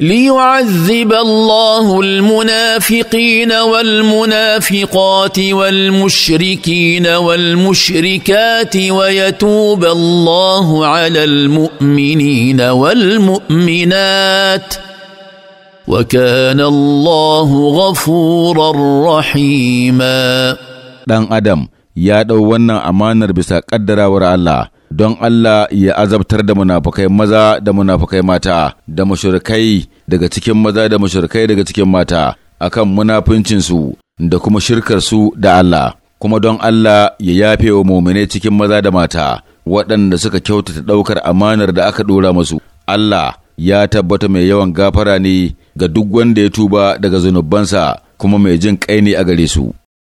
ليعذب الله المنافقين والمنافقات والمشركين والمشركات ويتوب الله على المؤمنين والمؤمنات وكان الله غفورا رحيما دان ادم يا دو wannan amanar bisa kaddarawar Allah don Allah ya azabtar da munafukai maza da munafukai mata da mashirkai daga cikin maza da mashirkai daga cikin mata akan munafuncinsu da kuma shirkarsu da Allah kuma don Allah ya yafe wa muminai cikin maza da mata waɗanda suka kyautata ɗaukar amanar da aka ɗora masu, Allah ya tabbata mai yawan gafara ne ga duk wanda ya tuba daga zunubansa kuma mai jin ƙaini a gare su